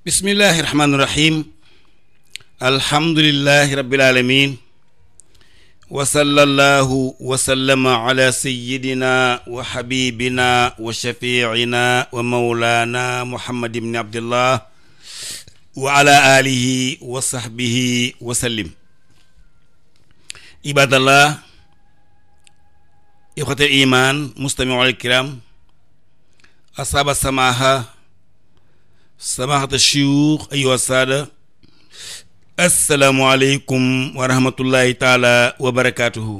bismillahi rahmaani rahim alhamdulillahi rabbil aalamiin wa sallallahu wa sallama ala sayyidina wa habibina wa shafiicina wa mawlaana muhammad ibni abdillah wa ala alihi wa sahbihi wa sallim ibadallah ixwatal iman mustamiuna alkiram ashaaba samaha samaxata chiux ayowa saada asalaamualeykum wa rahmatullahi taala wa barakaatuhu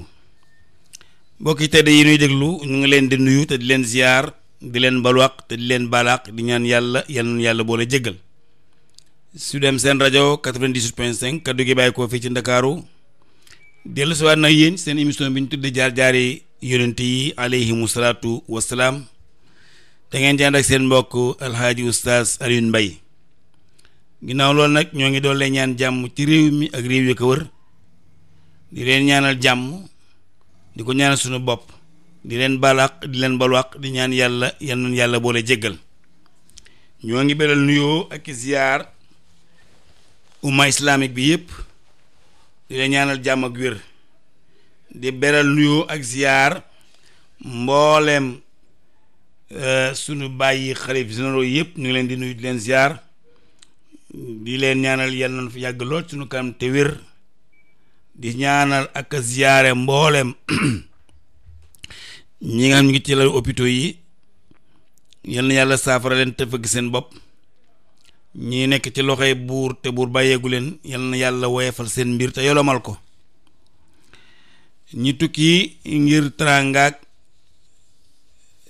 mbokki tedd yi nuy déglu ñu ngi leen di nuyu te di leen ziar di leen balwaq te di leen balaq di ñaan yàlla yan na yàlla boole jéggal su dem seen rajo 98 point 5 kaddu gi bàyyi koo fii ci ndakaaru dellu si waat nag yéen seen émission bi ñu tudde jaar-jaari yonent yi alayhimu salaatu wasalaam te ngeen jànd ak seen mbokk alxaaji oustaz Alioune mbay ginnaaw lool nag ñoo ngi doon lay ñaan jàmm ci réew mi ak réew yu ko wër di leen ñaanal jàmm di ko ñaanal suñu bopp di leen balaq di leen balwaq di ñaan yàlla yal nañu yàlla boole jéggal ñoo ngi belal nuyoo ak ziyaar umma islamique bi yëpp di leen ñaanal jàmm ak wér di beral nuyoo ak ziyaar mbooleem Euh, suñu bàyyi xalif généraux yëpp ñu ngi leen di nuyu di leen ziar di leen ñaanal yàlla nañ fi yàgg lool suñu kanam te wér di ñaanal ak ziare mbooleem ñi nga xam ñu ngi ci lal hôpitaux yi yal yàlla saafara leen te fëgg seen bopp ñi nekk ci loxoy buur te buur bàyyeeku leen yal na yàlla woyefal seen mbir te yolomal ko ñi tukki ngir teraangaak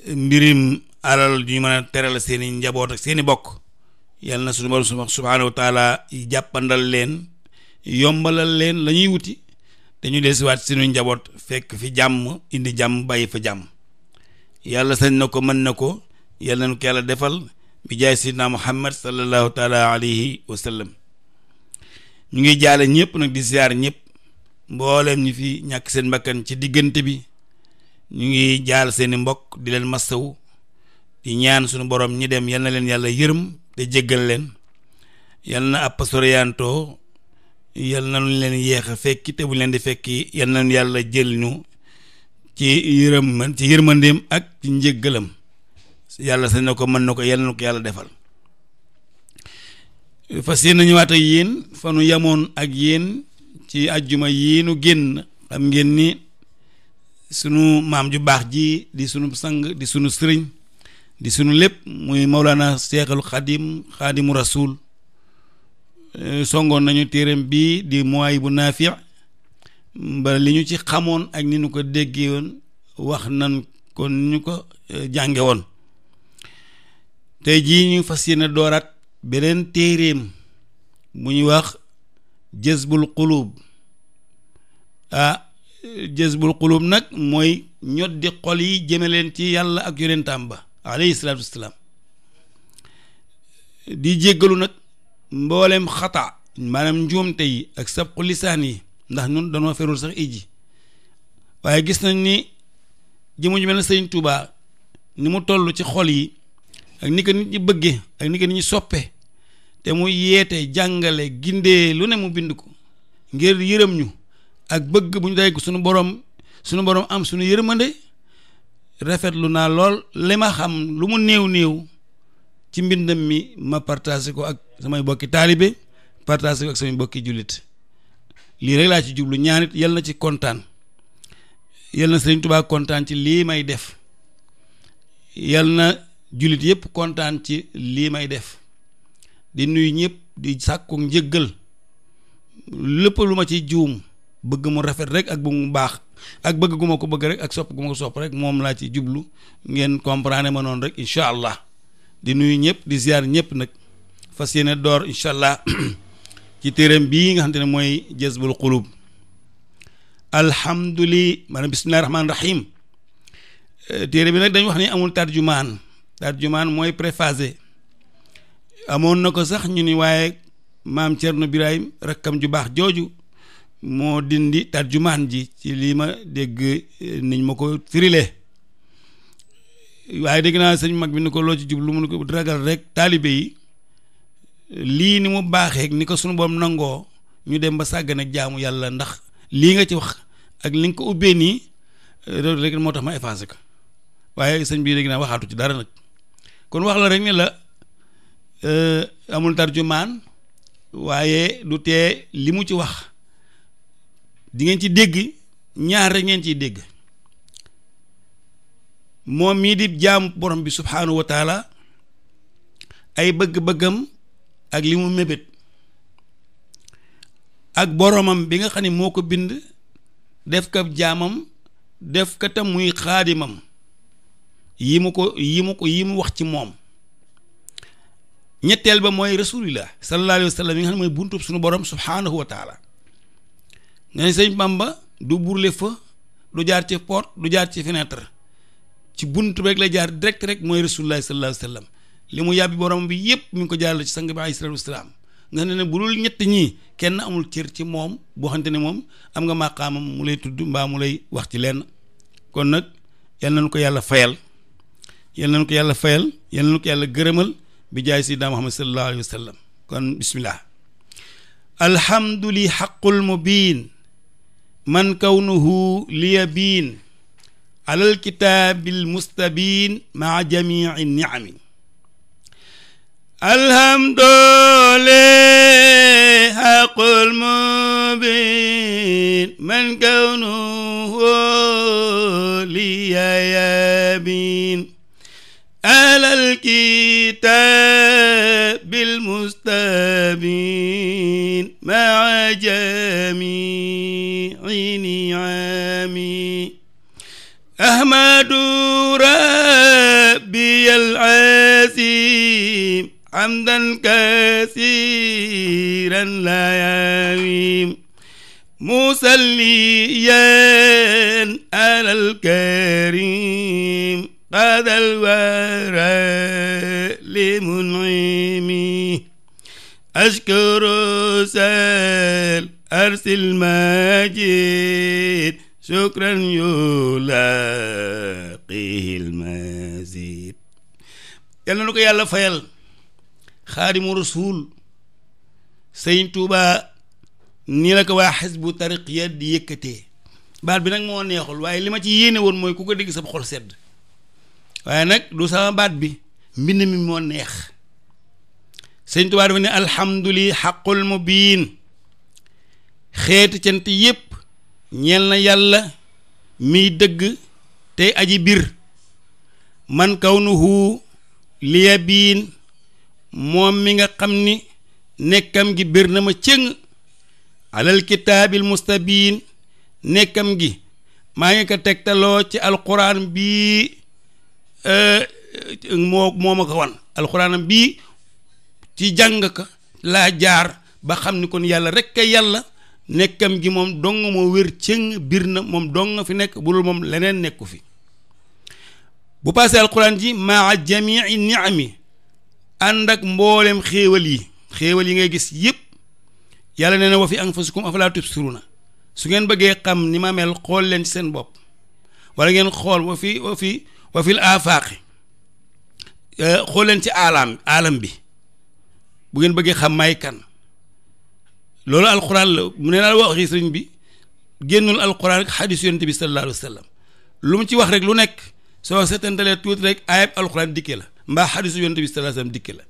mbirim alal ñu mën a teral seeni njaboot ak seeni bokk yàlla na suñu borom subhaanahu jàppandal leen yombalal leen lañuy wuti dañu desiwaat suñu njaboot fekk fi jàmm indi jàmm bàyyi fa jàmm yàlla sañ na ko mën na ko yàlla nañ ko yàlla defal bi jaay sidna muhammad sallallahu taala alayhi wa ñu ngi jaale ñëpp nag di siyaar ñëpp mbooleem ñi fi ñàkk seen bakkan ci diggante bi ñu ngi jaal seeni mbokk di leen masawu di ñaan suñu boroom ñi dem yal na leen yàlla yërëm te jéggal leen yal na àpp soriyaantoo yal na leen yéex a fekki te bu leen di fekki yal na yàlla jël ñu ci yërëm ci yërmandeem ak ci njéggalam yàlla sañ na ko mën na ko yal na ko yàlla defal fas yéen ñëwaat ak yéen fa yamoon ak yéen ci àjjuma yii génn xam ngeen ni sunu maam ju baax ji di sunu sang di sunu sëriñ di sunu lépp muy Mawlana Seexul Xadim Xadimu Rasul euh, songoon nañu téereem bii di mooy bu naafi ba li ñu ci xamoon ak ni ñu ko déggee woon wax nan kon ni ñu ko euh, jàngewoon te tey jii ñu fas yéene dooraat beneen téereem bu ñuy wax jësbul xuluub ah, jazbul qulub nag mooy ñoddi xol yi jëme leen ci yàlla ak yonentaam ba alayhi salaatu wasalaam di jéggalu nag mboolem xataa maanaam njuumte yi ak sabqu lisaan yi ndax ñun dañoo ferul sax iji waaye gis nañ ni jëmu ju mel ne sëñ ni mu toll ci xol yi ak ni ko nit ñi bëgge ak ni ko nit ñi soppe te mu yeete jàngale gindee lu ne mu bind ko ngir yërëm ñu ak bëgg bu ñu day suñu borom suñu borom am suñu yër yërmande rafetlu naa lool li ma xam lu mu néew néew ci mbindam mi ma partagé ko ak samay bokki taalibe partagé ko ak samay bokki jullit lii rek laa ci jublu ñaanit yal na ci kontaan yal na Sëriñ Tuubaa kontaan ci lii may def yal na jullit yépp kontaan ci lii may def di nuyu ñëpp di sàkku njëggal lépp lu ma ci juum bëgg mu rafet rek ak bu mu baax ak bëgg gu ko bëgg rek ak sopp gu ko sopp rek moom laa ci jublu ngeen comprendre ma noonu rek incha allah di nuyu ñëpp di ziar ñëpp nag fas yéene door incha allah ci téeram bi nga xamante ne mooy jazbul qulub alhamduli maanaam bismillahi rahmaani rahim eh, téere bi nag dañu wax ni amul tarjumaan tarjumaan mooy préphasé amoon na ko sax ñu ni waaye maam Cerno rek rakkam ju baax jooju moo dindi tarjumaan ji ci lii ma dégg eh, niñ ma ko firile waaye dégg naa sëñ mag bi ni ko loo ci jublu mu ne ko ragal rek taalibe yi lii ni mu baaxee ni ko sunu boom nangoo ñu dem ba sàggan ak jaamu yàlla ndax lii nga ci wax ak li nga ko ubbee nii eh, loolu moo tax ma effacé ko waaye sëñ bii dégg naa waxaatu ci dara nag kon wax la rek ni la eh, amul tarjumaan waaye du tee li mu ci wax dingeen ci dégg ñaar rek ngeen ci dégg moom mii di jaam borom bi subhaanahu wa ay bëgg-bëggam ak li mu mébét ak boromam bi nga xam ni moo ko bind def ko jaamam def ko tam muy xaadimam yi mu ko yi mu ko yi mu wax ci moom ñetteel ba mooy rasulillah sallallahu alayhi wa sallam yi nga xam ne mooy buntub suñu borom subhaanahu wa ne sëñ Bamba du burle fa du jaar ci porte du jaar ci fenêtre ci buntu rek lay jaar direkt rek mooy rasulullah sallallahu alayhi li mu yàbbi borom bi yépp mi ngi ko jaarale ci sang bi alayhi salaatu wasalaam nga ne ne bu dul ñett ñii kenn amul cër ci moom boo xamante ne moom am nga maqaamam mu lay tudd mbaa mu lay wax ci lenn kon nag yal nañu ko yàlla fayal yal nañu ko yàlla fayal yal nañu ko yàlla gërëmal bi jaay sayyidina Muhammad sallallahu alayhi wa sallam kon bismillah man kawnuhu liyabiin alal kitaabil mustabiin maa jamii niami alhamdulillah haqqul mubiin man kawnuhu liyabiin alal kitaabil mustabiin مع جميع نعمي أحمد ربي العظيم حمدا كثيرا لا يميم مصليا على الكريم قد الورى لمنعمي أشكر سال أرسل ماجد شكرا يلاقيه المزيد yàlla na ko yàlla fayal xaadimu rasul sëñ Tuuba nii la ko waa xisbu tariqiya di yëkkatee baat bi nag moo neexul waaye li ma ci yéene woon mooy ku ko dégg sa xol sedd waaye nag du sama baat bi mbind mi moo neex sëñ Tuubaa dafa ne alhamduli xaqul mubiin xeeti cant yépp ñeel na yàlla miy dëgg tey aji biir man kaw kawnuhu liya biin moom mi nga xam ni nekkam gi bir na ma cëng alal kitaabil mustabiin nekkam gi maa ngi ko tegtaloo ci alquran bii eh, moo moo ko wan alquranam bii ci jàng ka laa jaar ba xam ni kon yàlla rek a yàlla nekkam gi moom dong moo wér cëng biir na moom dong fi nekk bu dul moom leneen nekku fi bu paasee alquran ji maa jamii niami ànd ak mboolem xéewal yi yi ngay gis yëpp yàlla nee na wa fi anfusikum afalaa tubsiruuna su ngeen bëggee xam ni ma mel xool leen ci seen bopp wala ngeen xool wa fi wa fi wa fil aafaaqi eh, xool leen ci alam alam bi bu ngeen bëggee xam may kan loolu alxuraan la mu ne naa waxi sëriñ bi génnul alxuraan ak xadiis yonent bi sallallahu alayhi lu mu ci wax rek lu nekk soo seetantalee tuuti rek ayab alxuraan dikke la mbaa xadiisu yonent bi sallallahu alayhi wa sallam dikke la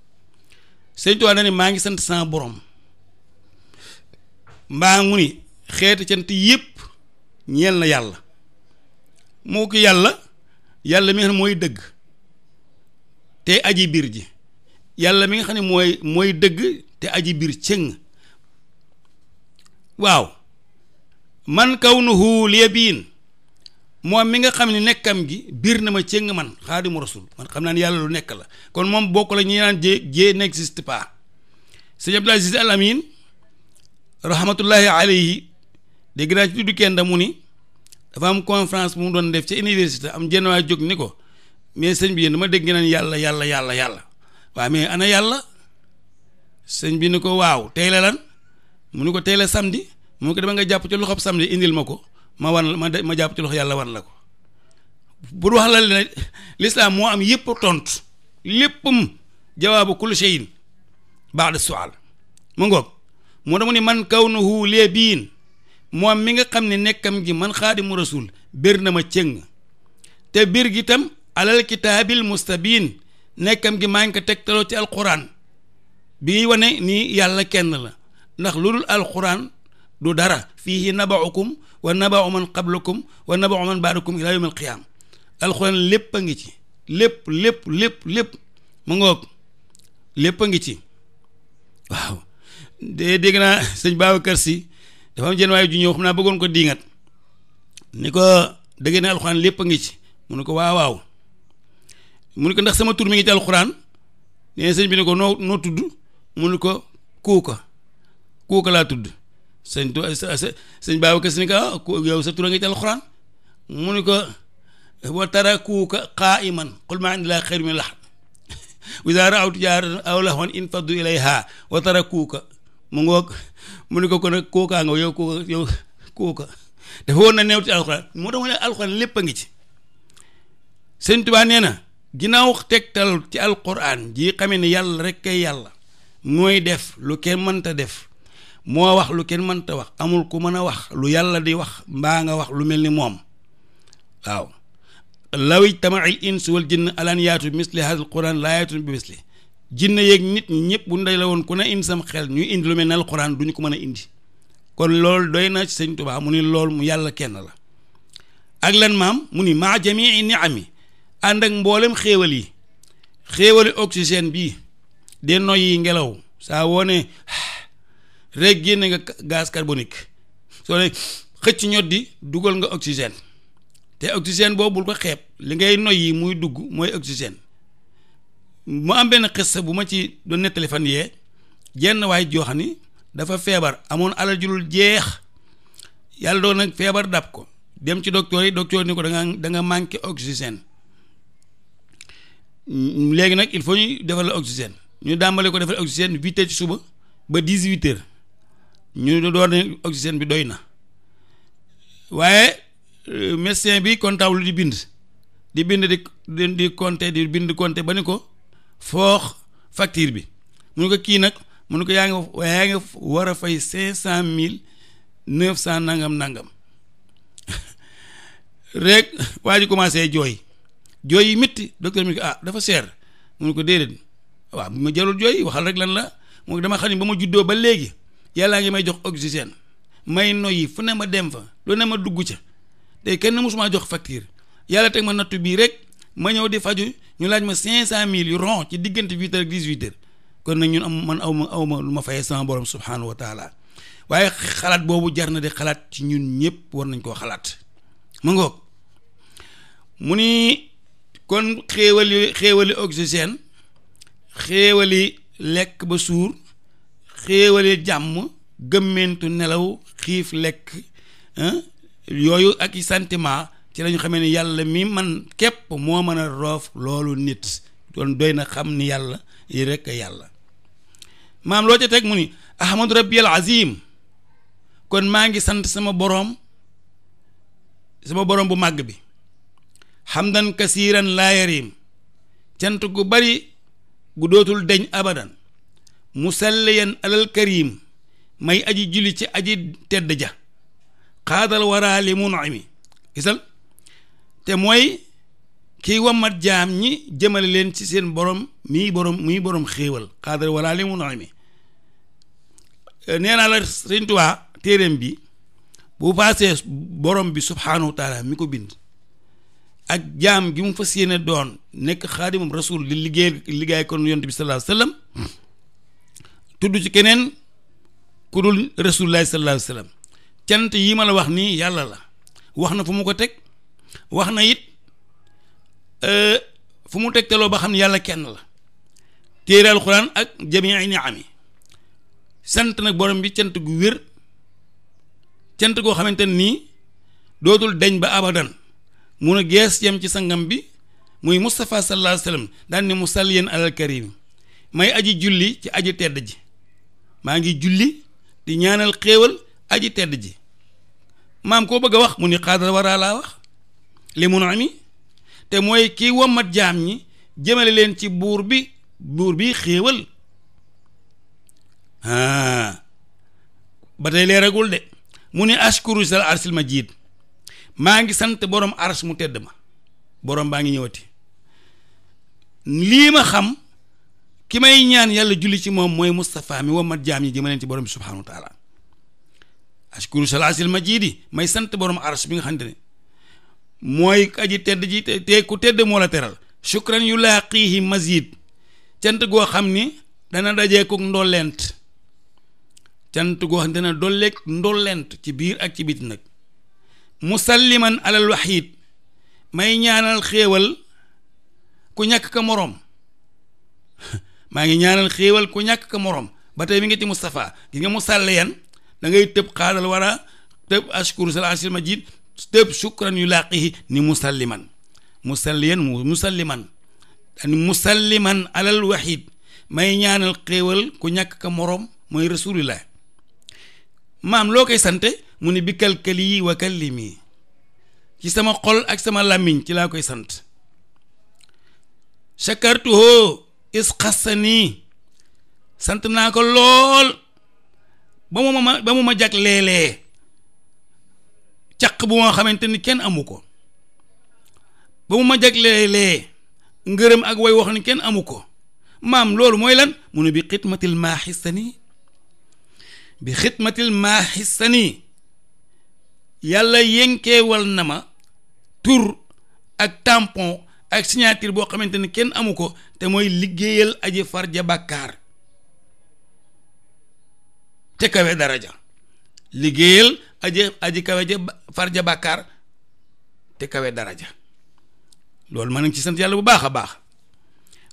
sëñ Tuubaa ni maa ngi sant sama borom mbaa mu ni xeeti cant yépp ñeel na yàlla moo ko yàlla yàlla mi nga xam mooy dëgg te aji biir ji yàlla mi nga xam ne mooy mooy dëgg te aji biir cëng waaw man kaw kawnuhu liyabiin moom mi nga xam ne nekkam gi biir na ma cëng man xaadimu rasul man xam naa ne yàlla lu nekk la kon moom bokk la ñu naan jee jee n'existe pas sëñ Abdul Aziz Al Amin rahmatullahi alayhi dégg naa ci tuddu kenn da mu ni dafa am conférence bu mu doon def ca université am jenn jóg ni ko mais sëñ bi yéen dama dégg ngeen naan yàlla yàlla yàlla yàlla waaw mais ana yàlla sëñ bi ni ko waaw tey la lan mu ni ko tey samdi samedi mu ni ko dama nga jàpp ci loxob samedi indil ma ko ma wan ma ma jàpp ci loxo yàlla wan la ko bu wax la ne moo am yëpp tontu léppam jawaabu kulli shay'in ba'da su'al mu ngoog moo dama ni man kaw kawnuhu lee biin moom mi nga xam ne nekkam gi man xaadimu rasul bëri na ma cëng te biir gi tam alal kitaabil mustabiin nekkam gi maa ngi ko teg tegtaloo ci alquran bi wane nii yàlla kenn la ndax lu dul alquran du dara fiihi nabaukum wa nabau man qablakum wa nabau man baadakum ila yawm alqiyaam alquran lépp a ngi ci lépp lépp lépp lépp mu ngoog lépp a ngi ci waaw de dégg naa sëñ Babacar Si dafa am jenn waaye ju ñëw xam naa bëggoon ko diingat ni ko dëgg ne alxuraan lépp a ngi ci mu ne ko waaw waaw mu ne ko ndax sama tur mi ngi ci alxuraan nee sëñ bi ne ko noo noo tudd mu ne ko kuuka kuuka laa tudd sëñ tu sëñ ah, mu ne ko wa tarakuuka qaa'iman qul maa inda llaahi xayrun min al-lahw wa izaa ko kon nag lépp a ngi ci sëñ Tuubaa na ginnaaw tegtal ci alquran ji xamee ni yàlla rek kay yàlla mooy def lu kenn mënta def moo wax lu kenn mënta wax amul ku mën a wax lu yàlla di wax mbaa nga wax lu mel ni moom waaw law ijtamaa al insu wal jinn alan yaatu bi misli hadal quran laa yaatu bi misli jinn yeeg nit ñi ñëpp bu ndey la woon ku ne indi sam xel ñu indi lu mel ne alquran du ñu ko mën a indi kon lool doy na ci sëñ mu ni lool mu yàlla kenn la ak lan maam mu ni maa jamii ànd ak mboolem xéewal yi xéewali oxygène bii de noyyi ngelaw saa woo ne rek génne nga gaz carbonique soo ne xëcc ñot di dugal nga oxygène te oxygène boobu bul ko xeeb li ngay noyyi muy dugg mooy oxygène mu am benn xista bu ma ci doon nettali fan yee jenn waay joo ni dafa feebar amoon alal julul jeex yàlla doon nag feebar dab ko dem ci docteur yi docteur ni ko danga nga da nga manqué oxygène Mm, léegi nag il faut ñu defal la ñu dàmbale ko defal oxygène huit heures ci suba ba dix huit heures ñu door ne oxygène bi doy na waaye euh, médecin bi comptable di bind di bind di di compter di bind compter ba ni ko foox facture bi mu ne ko kii nag mu ne ko yaa ngi yaa ngi war a fay cinq cent mille neuf cent nangam nangam rek waa ji commencé jooy jooy yi métti docteur mi ko ah dafa seer mu ne ko déedéet waaw ma jarul jooy waxal rek lan la mu dama xam ne ba ma juddoo ba léegi yàllaa ngi may jox oxygène may noyyi fu ne ma dem fa lu ne ma dugg ca te kenn mosumaa jox facture yàlla teg ma nattu bii rek ma ñëw di faju ñu laaj ma cinq cent mille yu ron ci diggante huit heures ak dix-huit kon nag ñun am man aw ma aw ma lu ma fayee sama borom subhanahu wa taala waaye xalaat boobu jar na di xalaat ci ñun ñëpp war nañ koo xalaat ma kon xéewal yu xéewali oxygène lekk ba suur xéewali jàmm gëmmentu nelaw xiif lekk yooyu ak i sentiment ci lañu xame ni yàlla mi man képp moo mën a roof loolu nit doon doy na xam ni yàlla yi rekk yàlla maam loo ca teg mu ni ahmadu rabbi al azim kon maa ngi sant sama boroom sama boroom bu màgg bi xamdan kasiiran laa yarim cant gu bari gu dootul deñ abadan musalliyan alal karim may aji julli ci aji tedd ja xaadal waraa li munimi gisal te mooy kiy wamat jaam ñi jëmale leen ci seen borom mii borom mii borom xéewal xaadal waraa li eh, nee naa la Sëriñ Tuubaa téeréem bi bu paasee borom bi subhaanahu wa taala mi ko bind ak jaam gi mu fas yéene doon nekk xaadimam rasul di liggéey liggéey kon yonent bi sallallahu alayhi tudd ci keneen ku dul rasulullahi sallallahu cant yi ma la wax nii yàlla la wax na fu mu ko teg wax na it euh, fu mu tegtaloo ba xam ne yàlla kenn la téere alxuraan ak jamii niami sant nag borom bi cant gu wér cant goo xamante nii dootul deñ ba abadan mun a gees jëm ci sangam bi muy Moustapha sallallahu alayhi wa sallam daan ni mu salliyen alal karim may aji julli ci aji tedd ji maa ngi julli di ñaanal xéewal aji tedd ji maam koo bëgg a wax mu ni xaadara waraa laa wax li mun ami te mooy kii wommat jaam ñi jëmale leen ci buur bi buur bi xéewal ah, ba tey leeragul de mu ni ashkuru sal arsil ma jiit maa ngi sant borom aras mu tedd ma borom baa ngi ñëwati lii ma xam ki may ñaan yàlla julli ci moom mooy Moustapha mi womat jaam ñi jëmaleen ci borom bi subhaanahu wa taala ashkuru salaasil may sant borom aras bi nga xamante ne mooy aji tedd ji te ku tedd moo la teral shukran yu laaqiihi mazid cant goo xam ni dana dajeekuk ndollent cant goo xam dana dolleek ndollent ci biir ak ci biti nag musalliman alal waxiid may ñaanal xéewal ku ñàkk ka moroom maa ngi ñaanal xéewal ku ñàkk ka moroom ba tey nga ngi ci Moustapha gis nga mu sàlliyan da ngay tëb xaadal war a tëb ashkuru sal asil majid tëb shukran yu laaqihi ni musalliman musalliyan musalliman ani musalliman alal waxiit may ñaanal xéewal ku ñàkk ka moroom mooy rasulillah maam loo koy sante mu ne bi kalkali yi wa kallimi ci sama xol ak sama làmmiñ ci laa koy sant shakartuhu is xassani sant naa ko lool ba mu ma ba mu ma jag caq bu ma xamante ni kenn amu ko ba mu ma jag léeg ngërëm ak way wax ni kenn amu ko maam loolu mooy lan mu ne bi xidmatil maaxisani bi xidmatil maaxisani yàlla yenkeewal na ma tur ak tampon ak signature boo xamante ni kenn amu ko te mooy liggéeyal aji farja bàkkaar te kawe daraja liggéeyal aji aji kawe ja farja bàkkaar te kawe daraja loolu maa ngi ci sant yàlla bu baax a baax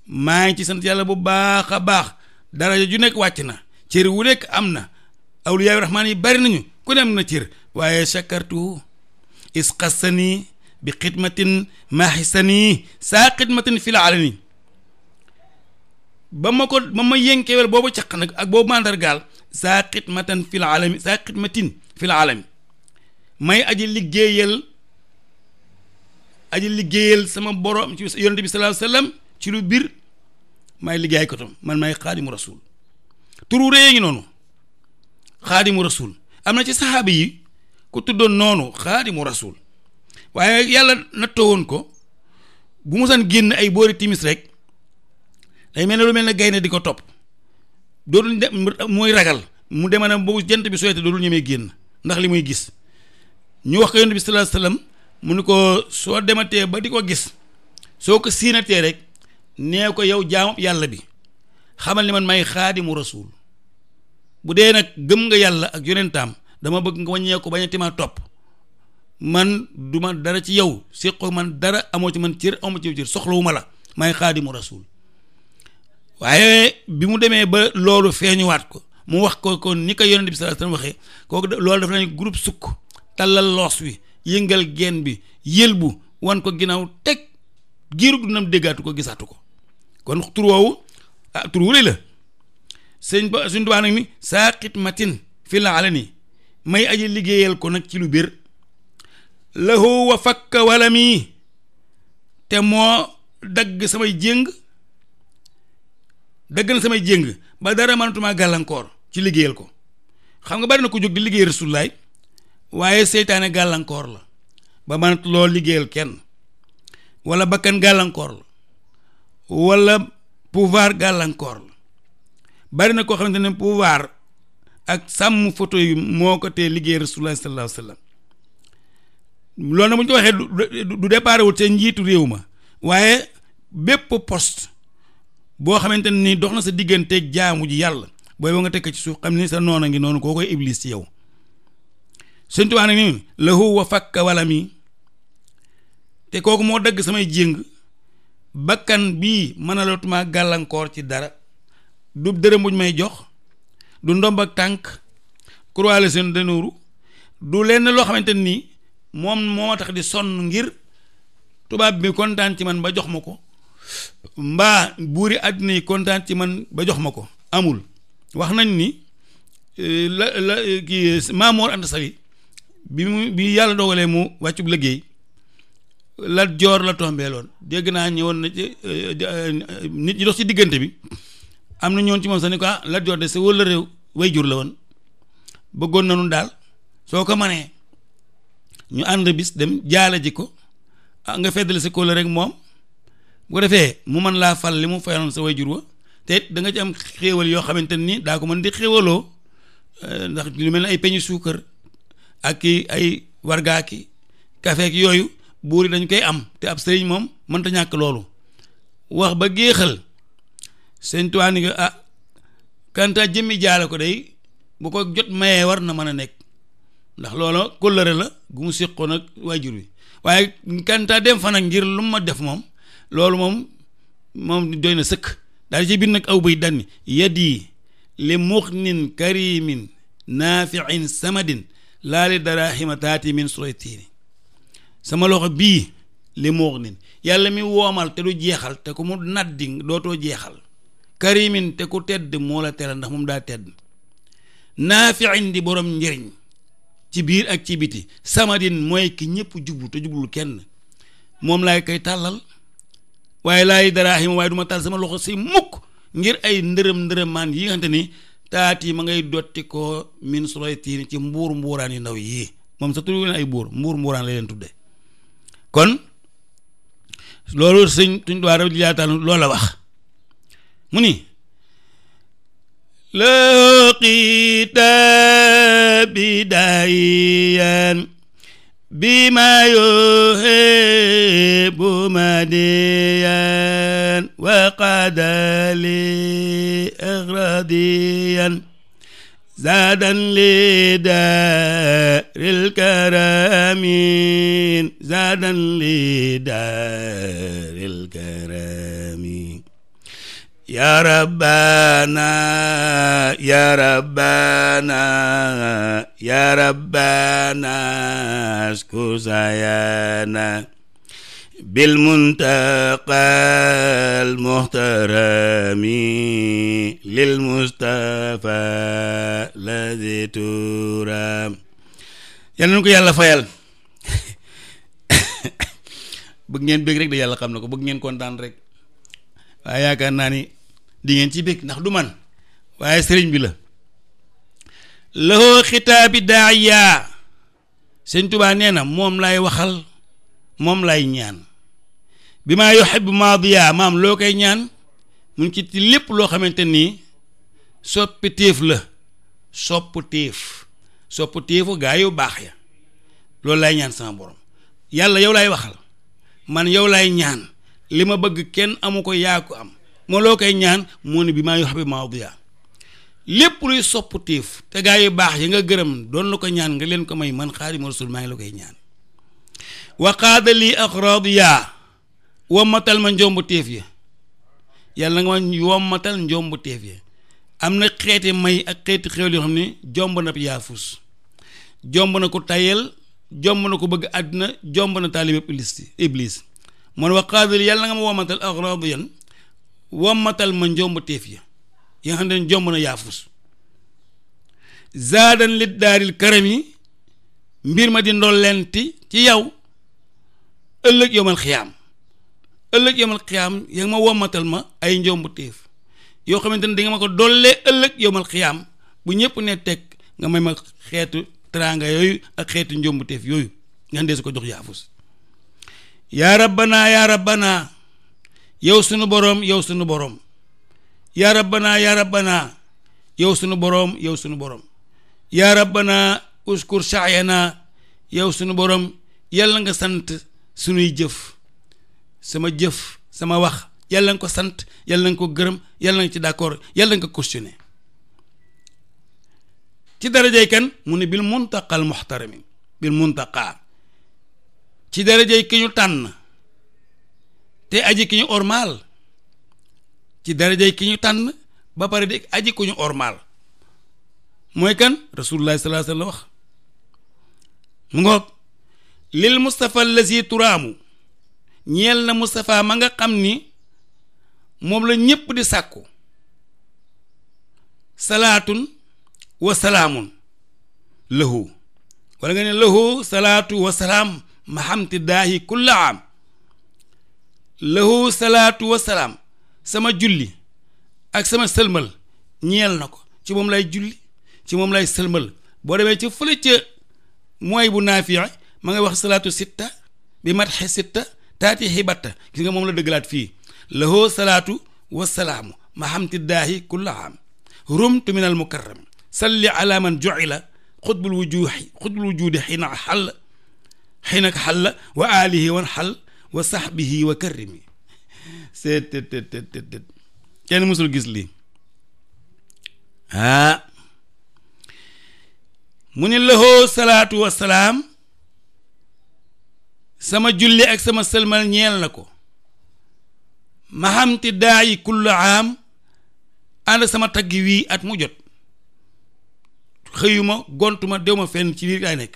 maa ngi ci sant yàlla bu baax a baax daraja ju nekk wàcc na cër wu nekk am na awliyaayu rahmaan yi bari nañu ku dem na cër waaye chakartu isqasani bi xidmatin maaxisani saa xidmatin fi la alani ba ma ko ba ma yënkewel boobu caq ak boobu mandargaal saa xidmatan fi la alami saa xidmatin fi la may aji liggéeyal aji liggéeyal sama borom ci yonente bi sallallahu ci lu biir may liggéey ko tam man may xaadimu rasul turu rëy noonu xaadimu rasul am na ci saxaaba yi ku tuddoon noonu xaadimu rasul waaye yàlla nattoo woon ko bu musaan génn ay boori timis rek day mel ne lu mel ne gaynde di ko topp dootul dem mooy ragal mu dema na jant bi sooyte dootul ñemee génn ndax li muy gis ñu wax ko yonent bi sallallahu alayhi mu ni ko soo dematee ba di ko gis soo ko siinatee rek nee ko yow jaamub yàlla bi xamal ni man may xaadimu rasul bu dee nag gëm nga yàlla ak yonentaam dama bëgg nga wàññee ko bañ a timaa topp man duma dara ci yow séqoo man dara amoo ci man cër amoo ci cër soxlawu ma la may xaadimu rasul waaye bi mu demee ba loolu feeñuwaat ko mu wax ko ko ni ko yonent bi sallallahu alayhi wasallam waxee kooku de loolu dafa nañ groupe sukk tallal loos wi yëngal geen bi bu wan ko ginnaaw teg giirug dunam déggaatu ko gisaatu ko kon tur ah tur wu la sëñ ba suñ tubaa nag ni saa xidmatin fi la ala may aji liggéeyal ko nag ci lu biir lahu wa fakka wala mii te moo dagg samay jéng dagg na samay jéng ba dara mënatuma gàllankoor ci liggéeyal ko xam nga bari na ko jóg di liggéey rasulaay waaye seytaane gàllankoor la ba mënatu loo liggéeyal kenn wala bakkan gàllankoor la wala pouvoir gàllankoor bari na koo xamante ne pouvoir ak sàmm photo yi moo ko tee liggéey rasulullah sallallahu alayhi wa sallam ñu ko waxee du départ wul njiitu réew ma waaye bépp poste boo xamante ne ni dox na sa digganteeg jaamu ji yàlla booy ba nga tekk ci suuf xam ni sa noon a ngi noonu koo koy iblis ci yow Sëñ Tuubaa nag ni lahu wa fakka wala mi te kooku moo dagg samay jéng bakkan bii mën a lotuma gàllankoor ci dara du dërëm buñ may jox du ndomb ak tànk croix la seen denouru du lenn loo xamante nii moom moo tax di sonn ngir tubaab bi kontaan ci man ba jox ma ko mbaa yi àddina yi kontaan ci man ba jox ma ko amul wax nañ ni eh, la la kii Maamoor Anta Sali bi mu bi yàlla dogalee mu wàccub liggéey Lat Joor la tombeeloon dégg naa ñëwoon na ci eh, eh, nit ñi dox ci diggante bi am na ñoon ci moom sa ni ko ah Lat Joor de sa wëla réew way jur la woon bëggoon nañu daal soo ko manee ñu ànd bis dem jaala ji ko ah nga feddale sa kóola rek moom bu defee mu mën laa fal li mu fayoon sa way jur te it da nga ci am xéewal yoo xamante nii daa ko mën di xéewaloo eh, ndax lu mel ne ay peñu suukar ak ki ay wargaa ki kafeek yooyu buur yi dañ koy am te ab sëriñ moom mënta ñàkk loolu wax ba géexal sëñ Tuubaa ni ko ah kanta jëmmi jaale ko day bu ko jot mayee war na mën a nekk ndax loola kóllëre la gu mu séqoon nag waajur wi waaye kanta dem fa nag ngir lu ma def moom loolu moom moom doy na sëkk daal ci biir nag aw bay danni yad yi li muxnin karimin naafiin samadin laa dara darahima taati min suraytiini sama loxo bii li muxnin yàlla mi woomal te du jeexal te ku mu naddi dootoo jeexal karimin te ku tedd moo la teral ndax moom daa tedd naafiin di borom njëriñ ci biir ak ci biti din mooy ki ñëpp jublu te jublul kenn moom laay koy tàllal waaye laay daraahima waaye du ma tàll sama loxo si mukk ngir ay ndërëm ndërëmaan yi nga xamante ni taat yi ma ngay dotti ko min soloy ci mbuur mbuuraan yu ndaw yii moom sa tudd leen ay buur mbuur mbuuraan la leen tudde kon loolu sëñ tuñ waa raw ji loola wax mu ni laqita bidayan bima yuhibu madiyan wa li daaril karamin li daaril karamin ya rabbana ya rabbana ya rabbana asku sayana bil muntaqal muhtarami lil mustafa lazi turam yal nañu ko yàlla fayal bëgg ngeen bëgg rek da yàlla xam na ko bëgg ngeen kontaan rek waaye yaakaar naa di ngeen ci bég ndax du man waaye sëriñ bi la lahoo xitaabi daaya sëñ tubaa nee na moom laay waxal moom lay ñaan bi maa yuhibbu maadiya maam loo koy ñaan mu ngi ci lépp loo xamante nii soppi téef la sopp téef sopp téefu gaa yu baax ya loolu lay ñaan sama borom yàlla yow lay waxal man yow lay ñaan li ma bëgg kenn amu ko yaa ko am moo loo koy ñaan moo ne bi maa yoo xam ne maa lépp luy baax yi nga gërëm doon la ko ñaan nga leen ko may man xaari moo Rasuul maa ngi la koy ñaan wa qaada lii axraad yaa wommatal ma njomb téef ya yàlla nga ma wommatal njomb téef ya am na xeeti may ak xeeti xéwal yoo xam ne jomb na yaafus jomb na ko tayel jomb na ko bëgg àddina jomb na taalib iblis iblis man wa qaada lii yàlla nga ma wommatal axraad yan wammatal ma njomb téef ya yi nga xam ne jomb na yaafus zaadan lit daaril karam yi mbir ma di ndollenti ci yow ëllëg yomal xiyaam ëllëg yomal xiyaam yaa ngi ma wommatal ma ay njomb téef yoo xamante ne di nga ma ko dollee ëllëg yomal xiyaam bu ñëpp ne teg nga may ma xeetu teraanga yooyu ak xeetu njomb téef yooyu nga xam su ko jox yaafus yaa rabbanaa yaa rabbanaa yow sunu borom yow sunu borom yaa rabbana yaa rabbana yow sunu borom yow sunu boroom yaa rabbana uskur saayana yow sunu boroom yàlla nga sant sunuy jëf sama jëf sama wax yàlla nga ko sant yàlla nga ko gërëm yàlla nga ci d'accord yàlla nga ko questionné ci darajay kan mu ne bil muntaqal muxtarami bil muntaqa ci darajay ki ñu tànn te aji ki ñu ormaal ci darajay ki ñu tànn ba pare di aji ku ñu ormaal mooy kan rasulullah sallallahu alayhi wa sallam wax mu ngoog lil Moustapha lazi turaamu ñeel na Moustapha ma nga xam ni moom la ñépp di sàkku salaatun wa salaamun lahu wala nga ne lahu salaatu wa salaam mahamti daahi kulla am lahu salaatu salaam sama julli ak sama sëlmal ñeel na ko ci moom lay julli ci moom lay sëlmal boo demee ca fële ca mooy bu naafiya ma ngay wax salaatu sitta bi matxe sitta taati xibatta gis nga moom la dëggalaat fii lahu salaatu wasalaamu ma xamtiddaahi kulla am rumtu min al mukarram salli ala man juila xutbul wujuhi xutbul wujudi xina xall xinak xalla wa alihi wan xall wa sahbihi wa karrimi seet tët tët tët tët kenn mësul gis lii ah mu ne lahoo salaatu wa salaam sama julli ak sama sëlmal ñeel na ko ma xamti daa yi kullu aam ànd sama tagg wii at mu jot xëyuma gontuma dew ma fenn ci biir laay nekk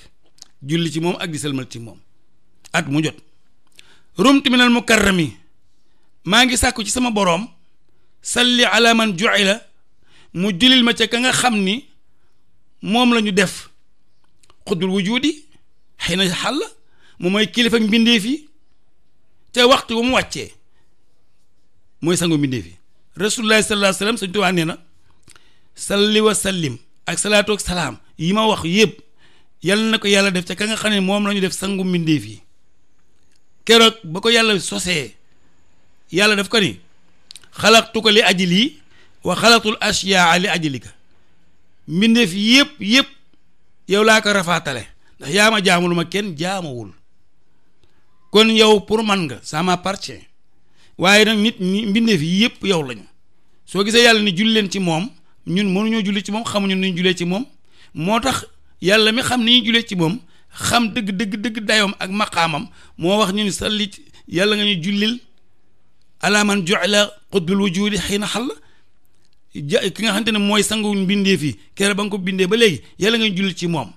julli ci moom ak di sëlmal ci moom at mu jot rumti minal mukarrami maa ngi sàkku ci sama boroom salli ala man ju'ila mu julil ma ca ka nga xam ni moom la ñu def xuddul wujudi xëy na xàll mu mooy kilifa mbindeef yi te waxtu bu mu wàcce mooy sangu mbindeef yi rasulullahi sallallahu alayhi wa sallam Sëñ Tuubaa nee na salli wa ak salaatu ak salaam yi ma wax yëpp yal na ko yàlla def ca ka nga xam ne moom la def sangu mbindeef yi keroog ba ko yàlla sosee yàlla daf ko ni xalaqtu ko li ajli wa xalaqtul ashyaa li ajlika mbindeef yëpp yëpp yow laa ko rafaatale ndax yaa ma ma kenn jaamawul kon yow pour man nga ça m'appartient waaye nag nit ñi mbindeef yëpp yow lañu soo gisee yàlla ni julli leen ci moom ñun mënuñoo julli ci moom xamuñu ni ñu jullee ci moom moo tax yàlla mi xam ni ñuy jullee ci moom xam dëgg dëgg dëgg dayoom ak maqaamam moo wax ñu ni salli yàlla nga ñu jullil ala man ju'ila qutbul wujudi xiina xalla ja ki nga xamante ne mooy sangu mbindee fii kere ba nga ko bindee ba léegi yàlla nga ñu jullil ci moom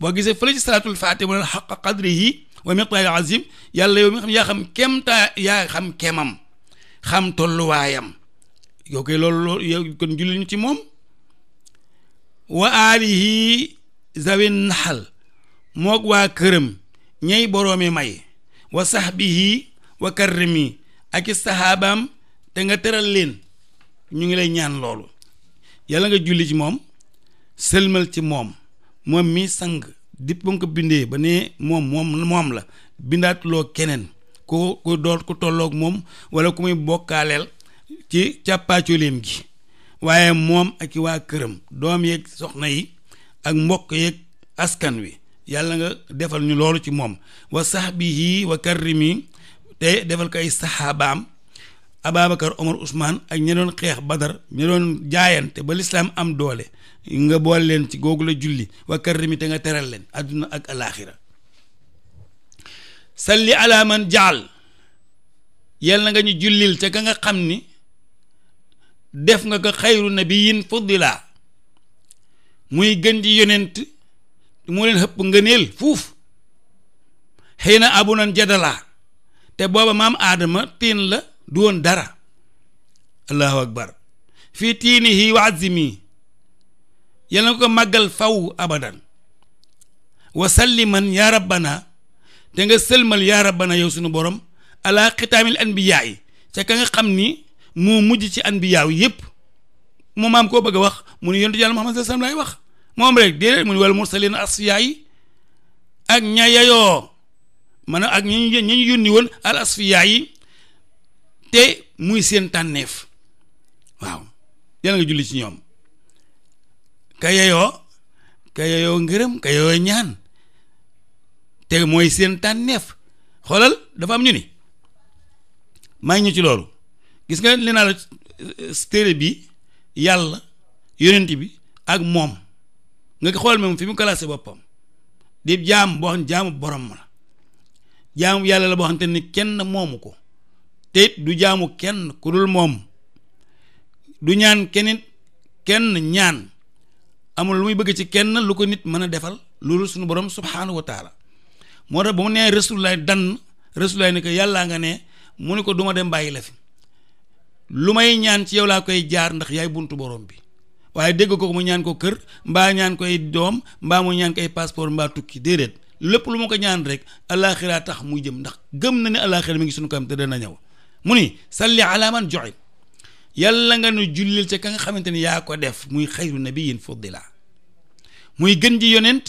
boo gisee fële ci salaatul faatih mu ne xaqa qadrihi wa miqdaari xam yaa xam kemtaa xam kemam xam tolluwaayam yow koy loolu loolu yow kon jullil ñu ci moom wa alihi zawin naxal mook waa këram ñay boroomi may wa sahbihi wa karrimi ak i sahaabaam te nga tëral leen ñu ngi lay ñaan loolu yàlla nga julli ci moom sëlmal ci moom moom mi sang di ba bindee ba ne moom moom la bindaatuloo keneen ku ku doot ku tolloog moom wala ku muy bokkaaleel ci càppaacoleem gi waaye moom ak i waa këram doom yeeg soxna yi ak mbokk yeeg askan wi yàlla nga defal ñu loolu ci moom wa sahbihi wa karrimi te defal koy ay saxaabaam Ababacar Omar Ousmane ak ña doon xeex Badar ña doon jaayante ba lislaam am doole nga bool leen ci googu la julli wa karrimi te nga teral leen àdduna ak alaaxira salli alaaman jaal yàlla nga ñu jullil ca ka nga xam ni def nga ko xayru nabiyin fuddila muy gën di yonent moo leen xëpp ngëneel fuuf xëy na abu nan jadalaa te booba maam aadama tiin la du woon dara allahu akbar fii tiinihi wa azimi yal na ko màggal faw abadan wa salliman yaa rabbana te nga sëlmal yaa rabbana yow sunu borom ala xitaamil anbiyaa yi ka nga xam ni moo mujj ci anbiyaaw yépp moo maam koo bëgg wax mu ne yontu yàlla Muhammad sallallahu alayhi laay wax moom rek déedéet mu ne wal mursalin asfiyaa yi ak ña yayoo maanaam ak ña ñu ña ñu yónni woon al asfiyaa yi te muy seen tànneef waaw yàlla nga julli ci ñoom ka yayoo ka yayoo ngërëm ka yayoo ñaan te mooy seen tànneef xoolal dafa am ñu ni maa ngi ñu ci loolu gis nga li naa la téere bi yàlla yonent bi ak moom nga xool moom fi mu classé boppam di jaam boo xam jaamu borom ma jaamu yàlla la boo xam te ni kenn moomu ko te it du jaamu kenn ku dul moom du ñaan kenn kenn ñaan amul lu muy bëgg ci kenn lu ko nit mën a defal loolu suñu borom subhaanahu wa taala moo tax ba mu nee rasulullaay dann rasulullaay ne ko yàllaa nga ne mu ne ko du dem bàyyi la fi lu may ñaan ci yow laa koy jaar ndax yaay buntu borom bi waaye dégg ko mu ñaan ko kër mbaa ñaan koy doom mbaa mu ñaan koy passeport mbaa tukki déedéet lépp lu ma ko ñaan rek alaaxira tax muy jëm ndax gëm na ne alaaxira mi ngi sunu kanam te dana ñaw mu ni salli ala man joxe nga nu jullil nga xamante ni yaa ko def muy xayru nabiyin fuddila muy gën ji yonent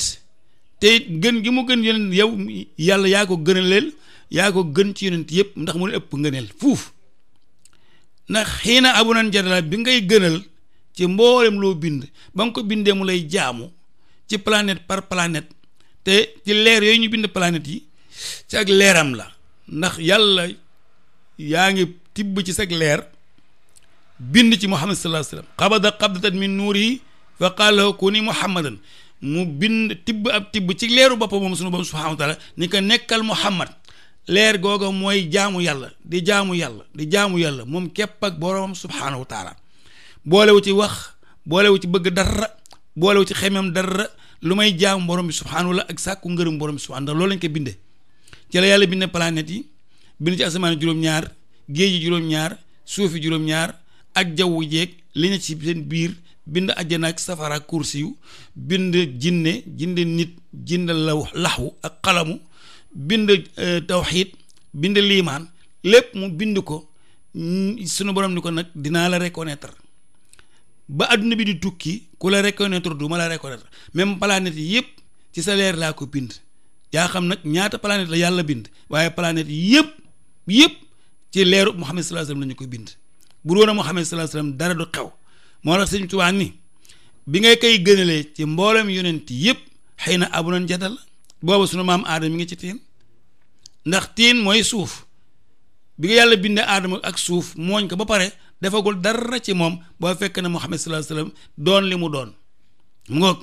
te gën gi mu gën yonent yow yàlla yaa ko gënaleel yaa ko gën ci yonent yëpp ndax mu ne ëpp ngëneel fuuf ndax xëy abu nan jadala bi ngay gënal ci mboolem loo bind ba nga ko bindee mu lay jaamu ci planète par planète te ci leer yooyu ñu bind planet yi ci ak leeram la ndax yàlla yaa ngi tibb ci sag leer bind ci muhammad sallallahu alayhi wasallam xabada xabdatan min nuurihi fa qaala lahu kuni mu bind tibb ab tibb ci leeru boppam moom sunu boppam subhanahu ni ko nekkal muhammad leer googa mooy jaamu yàlla di jaamu yàlla di jaamu yàlla moom képp ak boroomam subhanahu wa boole boolewu ci wax boolewu ci bëgg dara boolewu ci xemem dara lu may jaam borom bi subhaanahu la ak sàkku ngërëm borom bi subhaanahu ndax loolu lañ ko bindee ci la yàlla bindee planètes yi bind ci asamaan juróom-ñaar géej yi juróom-ñaar ak jawwu jeeg li ne ci seen biir bind ajjana ak safara kursi yu bind jinne jinde nit jinde law laxwu ak xalamu bind e, tawxiid bind liimaan lépp mu bind ko sunu borom ni ko nag dinaa la reconnaître ba àdduna bi di tukki ku la reconnaître du ma la reconnaître même planète yi yëpp ci sa leer laa ko bind yaa xam nag ñaata planète la yàlla bind waaye planète yëpp yëpp ci leeru Muhammad sallallahu alayhi wasallam la ñu ko bind bu doon a Muhammad sallallahu alayhi wasallam dara du xew moo tax Sëñ Tuubaa ni bi ngay kay gënalee ci mboolem yonent yëpp xëy na abu nan jadal booba sunu maam aadama mi ngi ci tiin ndax tiin mooy suuf bi nga yàlla bindee aadama ak suuf mooñ ko ba pare defagul dara ci moom boo fekk ne Muhammad sallallahu alayhi wa doon li mu doon mu ngoog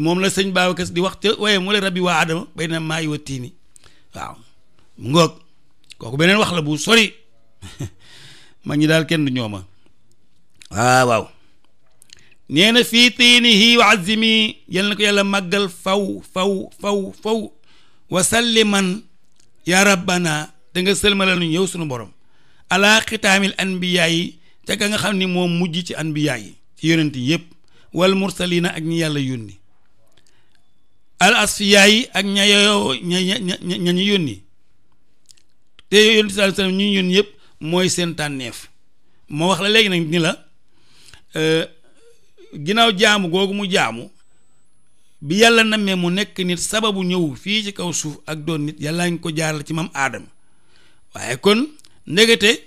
moom la sëñ Babacar di wax te waaye mu la rabbi waa Adama bay na maa yi wa tiini waaw mu ngoog kooku beneen wax la bu sori ma ñi daal kenn du ñooma waaw ah, waaw nee na fii tiinihi wa azimi yal na yàlla màggal faw faw faw faw wa salliman ya rabbana da nga sëlmalal ñu yow sunu borom ala xitaamil anbiyaa yi te ka nga xam ni moom mujj ci anbiyaa yi ci yonent yépp wal mursalina ak ñi yàlla yónni al asfiyaa yi ak ña yooyoo ña ña ña ñu yónni te yonent sallallahu alayhi wasallam mooy seen tànneef moo wax la léegi nag ni la euh, ginnaaw jaamu googu mu jaamu bi yàlla nammee mu nekk nit sababu ñëw fii ci kaw suuf ak doon nit yàlla ngi ko jaaral ci maam aadama waaye kon ndegete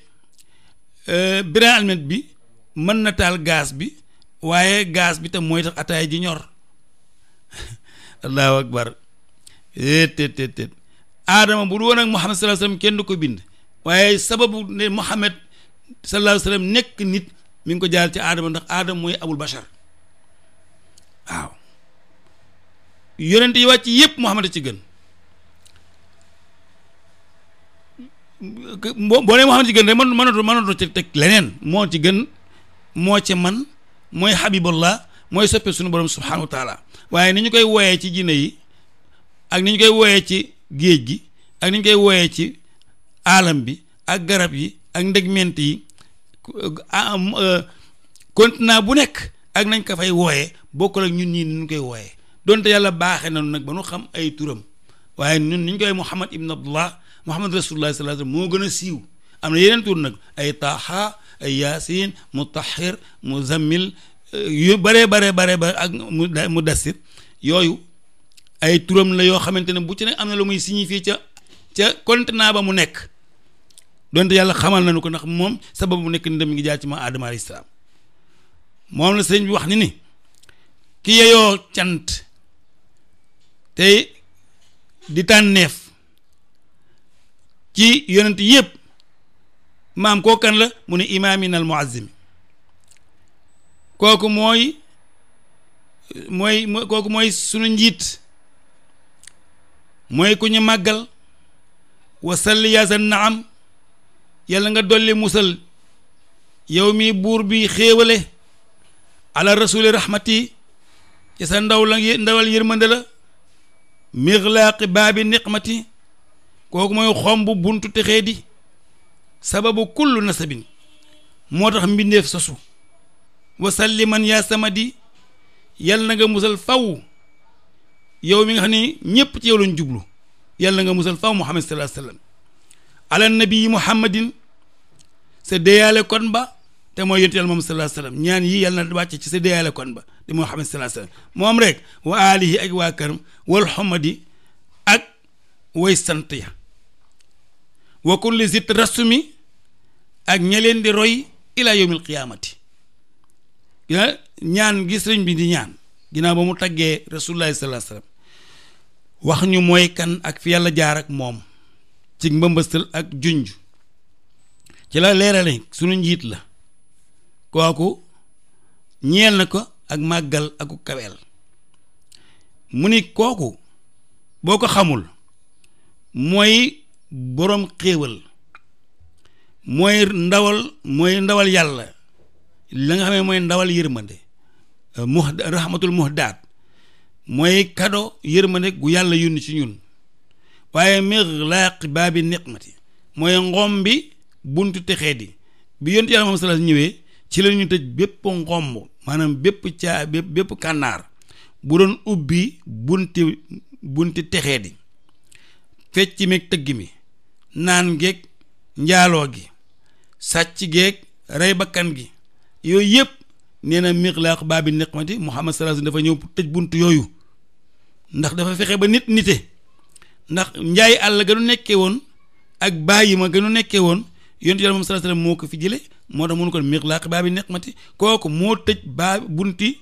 euh, brin almet bi mën na taal gaz bi waaye gaz bi tam mooy tax ataay ji ñor allahu akbar tet tet aadama bu du woon ak muhammad sallallahu alayhi wasallam kenn du ko bind waaye sababu ne muhammad sallallahu alayhi nekk nit mu ngi ko jaar ci aadama ndax aadama mooy abul bashar waaw yonent yi wàcc yépp muhammad a ci gën boo boo nee moo xam ci gën rek man mënatu mënatu ci teg leneen moo ci gën moo ci man mooy habibullah mooy soppe suñu borom subhanahu wa taala waaye ni ñu koy wooyee ci jinne yi ak ni ñu koy wooyee ci géej gi ak ni koy wooyee ci aalam bi ak garab yi ak ment yi euh, continent bu nekk ak nañ ko fay wooyee bokk ak ñun ñii ni ñu koy wooyee donte yàlla baaxee nañu nag ba nu xam ay turam waaye ñun ni ñu koy Muhammad ibn Abdullah muhammad rasulullah sallallahu moo gën a siiw am na yeneen tur nag ay taaha ay yaasin mutahhir muzammil eh, yu bare bare bare bare mu dassir yooyu ay turam la yoo xamante ne bu ci ne am na lu muy signifier ca ca contenant ba mu nekk donte yàlla xamal nañu ko ndax moom sabab mu nekk ni dem ngi jaar ci ma aadama alayhi salaam moom la sëñ bi wax ni ni ki yeyoo cant tey di tànneef ci yonent yëpp maam koo kan la mu ne imaaminal muazzimi kooku mooy mooy kooku mooy sunu njiit mooy ku ñu màggal wa salli yaa sa naam yàlla nga dolli musal yow mi buur bi xéewale ala rasuli rahmati ci sa ndaw la ndawal yërmande la baabi niqmati kooku mooy xomb buntu texee di sababu kullu nasabin moo tax mbindeef sosu wasalliman yaa di yàlla na nga musal faw yow mi nga xam ne ñépp ci yow lañ jublu yàlla na nga musal faw muhammad sallallahu alayhi wasallam ala nabii muhammadin sa déyaale kon ba te mooy yonent yàlla moom sallallahu alayhi wasallam ñaan yi yàlla na wàcce ci sa déyaale kon ba di muhammad sallallahu alayhi wasallam moom rek wa alihi ak waa kër wal xamadi ak way sant ya wa kulli rasumi ak ña leen di roy ila yawmil qiyaamati ñaan gis sëriñ bi di ñaan ginnaaw ba mu taggee rasulullahi sallallahu alayhi wax ñu mooy kan ak fi yàlla jaar ak moom ci mbëmbëstal ak junj ci la leerale suñu njiit la kooku ñeel na ko ak màggal ak kaweel mu ni kooku boo ko xamul mooy boroom xéewal mooy ndawal mooy ndawal yàlla la nga xamee mooy ndawal yërmande mu rahmatul daat mooy kado yërmande gu yàlla yónni ci ñun waaye mixlaaq baabi niqmati mooy ngom bi buntu texee di bi yontu yàlla moom salaas ñëwee ci la ñu tëj bépp ngomb maanaam bépp caa bépp kànnaar bu doon ubbi bunti bunti texee di fecc mi tëgg mi naan géeg njaaloo gi sàcc géeg rey bakkan gi yooyu yëpp nee na miqlaaq baabi niqmati Muhammad sallallahu dafa ñëw tëj bunt yooyu ndax dafa fexe ba nit nite ndax njaay àll gënu nekkee woon ak bàyyi ma gënu nekkee woon yonent yàlla moom sallallahu moo ko fi jële moo tax mënu ko miqlaaq baabi niqmati kooku moo tëj baa bunti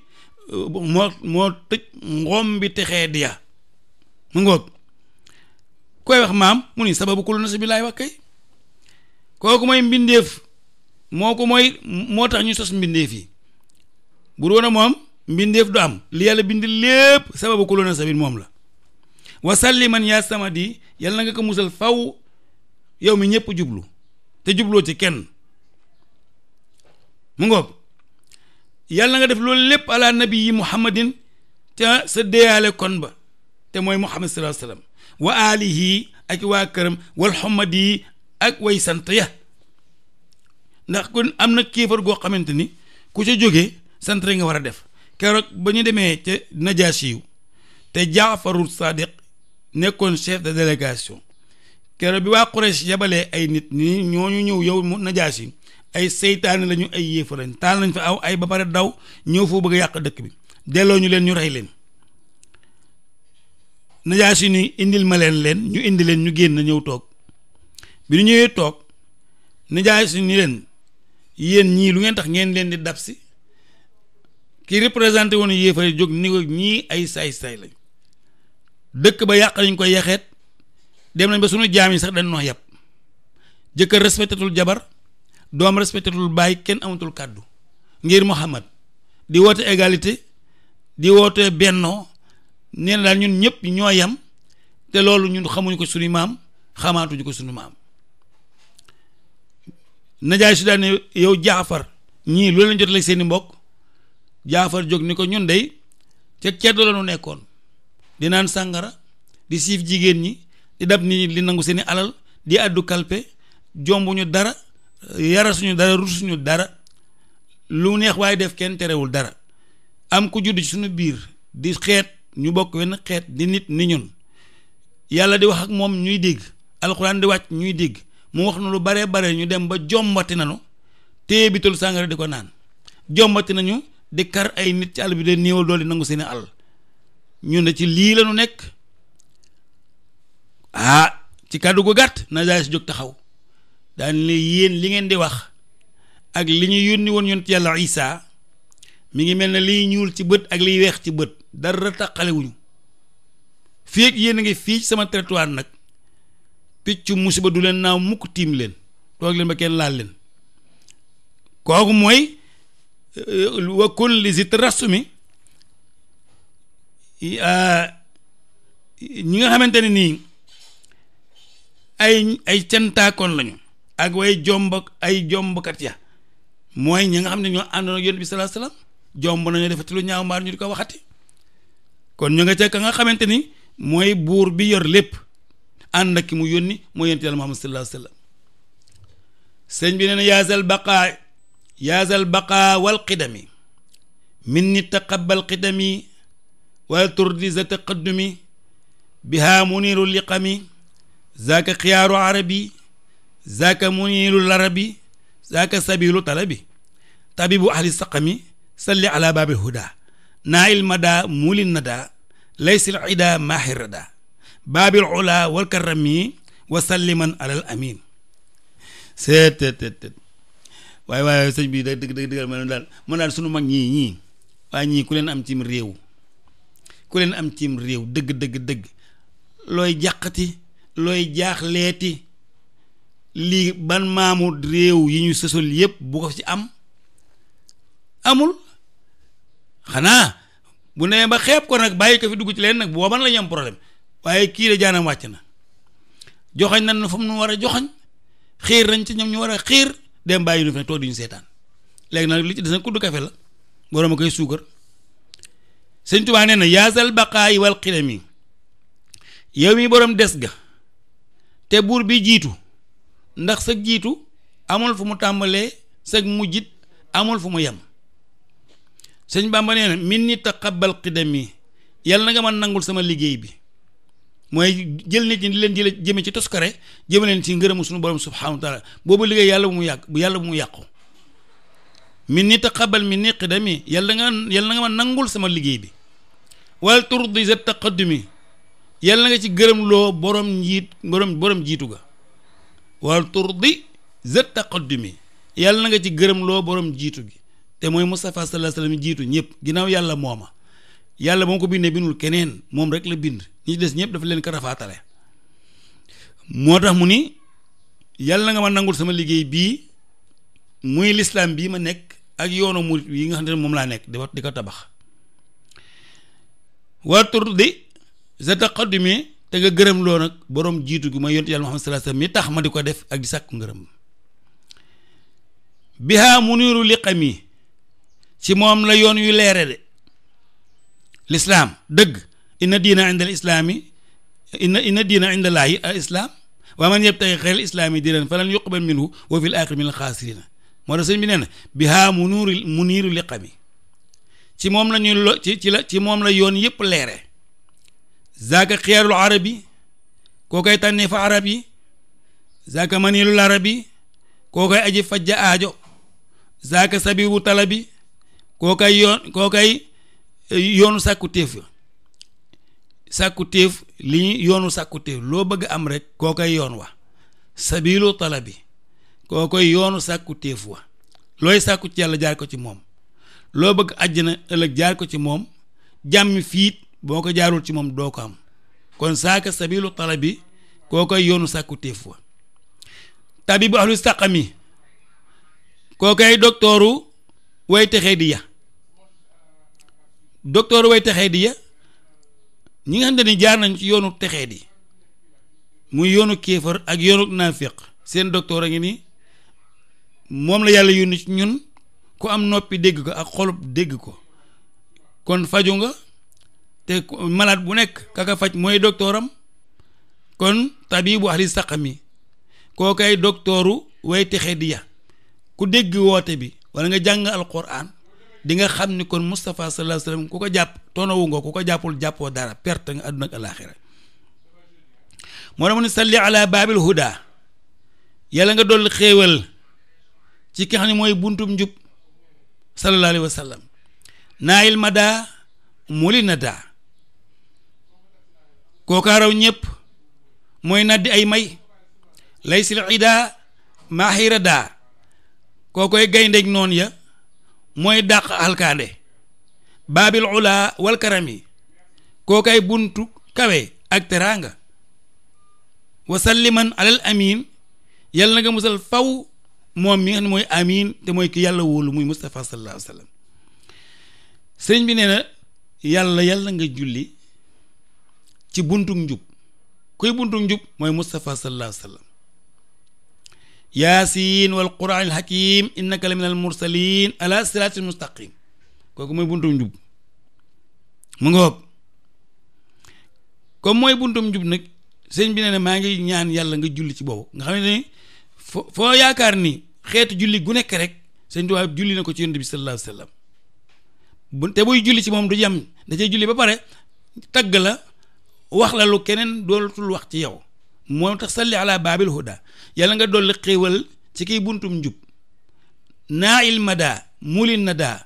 moo moo tëj ngoom bi texee diya mu ngoog koy wax maam mu ni sababu kullu nafsin bi laay wax kay kooku mooy mbindeef moo ko mooy moo tax ñu sos mbindeef yi bu doon moom mbindeef du am li yàlla bind lépp sababu kullu nafsin moom la wasalli man yaa di yàlla na nga ko musal faw yow mi ñëpp jublu te jubloo ci kenn mu ngoog yàlla nga def loolu lépp ala nabi yi muhammadin te sa deeyaale kon ba te mooy muhammad sallallahu alayhi wa aalihi ak waa këram wal ak way sant ndax kon am na kéefar goo xamante ni ku ci jóge sant rek nga war a def keroog ba ñu demee ca najaasi yu te jaafarul sadiq nekkoon chef de délégation keroog bi waa Quraysh yabalee ay nit ni ñu ñëw yow najaasi ay seytaane lañu ay yéefarañ taal nañu fa aw ay ba pare daw ñëw foo bëgg a yàq dëkk bi delloo ñu leen ñu rey leen najaasi ni indil ma leen leen ñu indi leen ñu génn ñëw toog bi ñu ñëwee toog najaasi ni leen yéen ñii lu ngeen tax ngeen leen di dab si ki représenté woon yéefar jóg ni ko ñii ay saay-saay lañ dëkk ba yàq nañ koy yaxeet dem nañ ba suñu jaam yi sax dañ noo yàpp jëkkër respectatul jabar doom respectatul bàyyi kenn amatul kàddu ngir Muhammad di woote égalité di woote bennoo nee na daal ñun ñëpp ñoo yam te loolu ñun xamuñu ko suñu maam xamaatuñu ko suñu maam najaay su daan ne yow jaafar ñii loolu lañ jot la seeni mbokk jaafar jóg ni ko ñun day ca ceddo lañu nekkoon di naan sàngara di siif jigéen ñi di dab nit ñi nangu seeni alal di àddu kalpe jombuñu dara yara suñu dara suñu dara lu neex waaye def kenn terewul dara am ku judd ci suñu biir di xeet ñu bokk wenn xeet di nit ni ñun yàlla di wax ak moom ñuy dégg alxuraan di wàcc ñuy dégg mu wax na lu baree bare ñu dem ba jombati nañu téye bitul sàngara di ko naan jombati nañu di kar ay nit ci àll bi de néewal doole nangu seeni àll ñu ne ci lii lañu nekk ah ci kàddu gu gàtt na jóg taxaw daan ne yéen li ngeen di wax ak li ñu yónni woon yonent yàlla Isaa mi ngi mel ne liy ñuul ci bët ak liy weex ci bët dara taqalewuñu fii ak yéen a ngi fii ci sama territoire nag picc musiba du leen naaw mukk tiim leen toog leen ba kenn laal leen kooku mooy wa kulli zi tarasumi ñi nga xamante ne nii ay ay centaakoon lañu ak way jomb ay jombkat ya mooy ñi nga xam ne ñoo àndoon ak yonent bi sallallahu alayhi jomb nañu defati lu ñaaw maar ñu di ko waxati kon ñu nga ca ka nga xamante ni mooy buur bi yor lépp ànd ki mu yónni mooy yonent yàlla Muhammad sallallahu alayhi wa sallam sëñ bi nee na yaasal baqaa yaasal baqaa wal qidami min ni taqabbal qidami wala turdi za taqaddumi biha muniiru liqami zaaka xiyaaru arabi zaaka muniiru larabi zaaka sabilu talabi tabibu ahli saqami salli ala baabi huda naayil mada muulin nada laysil ida maahir rada baabil ula wal karami wa salliman alal amin seet teet teet waaye waaye sëñ bi dëgg dëgg sunu mag ñii ku leen am cim réew réew dëgg dëgg dëgg looy jaax looy jaaxleeti ban maamu réew yi ñu sësol yépp bu ko am amul xanaa bu nee ba xeeb ko nag bàyyi ko fi dugg ci leen nag booban la ñu problème waaye kii de jaanam wàcc na joxañ nañ ne fu mu war a joxañ xiir nañ ci ñoom ñu war a xiir dem bàyyi ñu fi ne toog di ñu seetaan léegi nag li ci des nag kudd kafe la borom a koy suukar sëñ Tuubaa nee na yaasal baqaayi wal xidami yow mii borom des ga te buur bi jiitu ndax sa jiitu amul fu mu tàmbalee sag mujjit amul fu mu yem sëñ Bamba nee na min ni taqabbal qidami yàlla na nga man nangul sama liggéey bi mooy jël nit ñi di leen jële jëme ci toskare jëme leen ci ngërëmu suñu borom subhanahu wa taala boobu liggéey yàlla bu mu yàq bu yàlla bu mu yàqu min ni taqabbal min ni qidami yàlla nga yàlla na nga man nangul sama liggéey bi wal turdi za taqaddumi yàlla na nga ci gërëm loo borom njiit boroom jiitu ga wal turdi za taqaddumi yàlla na nga ci gërëm loo borom jiitu bi te mooy Moustapha sallallahu alayhi wasallam jiitu ñëpp ginnaaw yàlla mooma yàlla moom ko bindee bindul keneen moom rek la bind ñi des ñëpp dafa leen ko rafaatale moo tax mu ni yàlla na nga ma nangul sama liggéey bii muy lislaam bii ma nekk ak yoonu murit yi nga xam ne moom laa nekk di di ko tabax waa tur di sa taqaddumi te nga gërëm loo nag boroom jiitu gi ma yontu yàlla Muhammad sallallahu alayhi wasallam mi tax ma di ko def ak di sàkku ngërëm bihaa muniru liqami ci moom la yoon yu leere de lislaam dëgg inna diina inda al islaami diina inda laahi al islaam wa man yabtagi xayral islaami diinan falan yuqbal minhu wa fil aaxirati min al xaasirina moo tax bi nee na bihaa munuuri muniiru ci moom la moom la yoon yëpp leere zaaka xiyaarul arab yi koo koy tànnee fa arab yi zaaka maniilul arab yi aji fajja aajo zaaka sabibu talabi kookay yoon eh, yoonu sàkku téef sàkku téef li yoonu sàkku téef loo bëgg am rek kookay yoon wa sabilu talabi kookay yoonu sàkku téef wa looy sàkku ci yàlla jaar ko ci moom loo bëgg àjjana ëllëg jaar ko ci moom jàmmi fiit boo ko jaarul ci moom doo ko am kon saaka sabilu talabi kookay yoonu sàkku téef wa tabibu ahlu saqami kookay doktooru way texee di ya docteur way texee di ya ñi nga xam ni jaar nañ ci yoonu texee di muy yoonu kéefar ak yoonu naafiq seen docteur a ngi ni moom la yàlla yónni ci ñun ku am noppi dégg ko ak xolub dégg ko kon faju nga te malade bu nekk kaka faj mooy docteuram kon tabibu ahli saqami koo kay docteuru way texe di ya ku dégg woote bi wala nga jàng alquran di nga xam ni kon Moustapha sallallahu alayhi wasallam ku ko jàpp toonawu nga ku ko jàppul jàppoo dara perte nga àdduna ak alaaxira moo tax mu ne salli ala baabil huda yàlla nga dool xéewal ci ki xam mooy buntum njub sallallahu alayhi wasallam naayil mada muli nada kookaa raw ñëpp mooy naddi ay may lay sil ida daa koo koy gayndeeg noonu ya mooy dàq alkaande baabil ulaa wal karami kookay buntu kawe ak teraanga wasalliman alal amin yàlla na nga musal faw moom mi nga xam ne mooy amin te mooy ki yàlla wóolu muy Moustapha sallallahu alayhi wa sallam bi nee na yàlla yàlla nga julli ci buntu njub kuy buntu njub mooy Moustapha sallallahu alayhi yaasiin wal quraan al hakiim innaka la min al mursaliin ala siraatil mustaqim kooku mooy buntum njub mu nga woog comme mooy buntum njub nag sëñ bi ne ne maa ngi ñaan yàlla nga julli ci boobu nga xam ne fo foo yaakaar ni xeetu julli gu nekk rek sëñ Tuubaa julli na ko ci yonent bi sallallahu alayhi wa sallam bu te buy julli ci moom du yem da cay julli ba pare tagg la wax la lu keneen dootul wax ci yow moo tax salli ala baabil huda yàlla nga dolli xéewal ci kiy buntum njub naa il mada mulin na daa